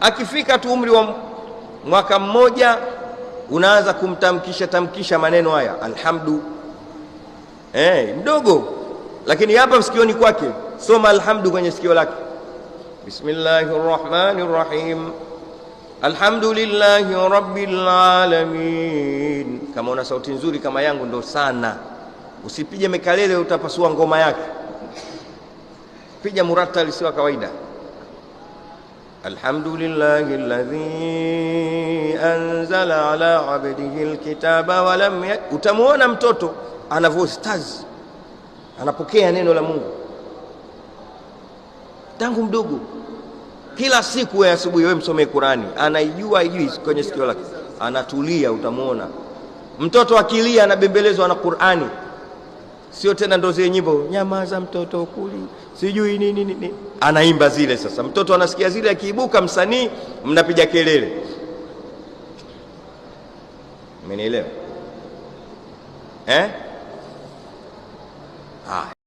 Akifika tu umri wa mwaka mmoja, unaanza kumtamkisha tamkisha maneno haya alhamdu. Eh, mdogo lakini hapa msikioni kwake, soma alhamdu kwenye sikio lake, bismillahi rrahmani rahim alhamdulillahi rabbil alamin. Kama una sauti nzuri kama yangu, ndo sana usipije mekalele, utapasua ngoma yake. Piga muratali, sio kawaida. الحمد لله الذي anzala ala abdihi alkitaba wa lam utamwona mtoto anavyostazi anapokea neno la Mungu tangu mdogo, kila siku ya asubuhi, wewe msomee Qurani, anaijua ijui kwenye sikio lake, anatulia. Utamwona mtoto akilia anabembelezwa na Qurani sio tena ndo zile nyimbo nyamaza mtoto kuli sijui nini nini, anaimba zile. Sasa mtoto anasikia zile, akiibuka msanii mnapiga kelele. Mmenielewa eh?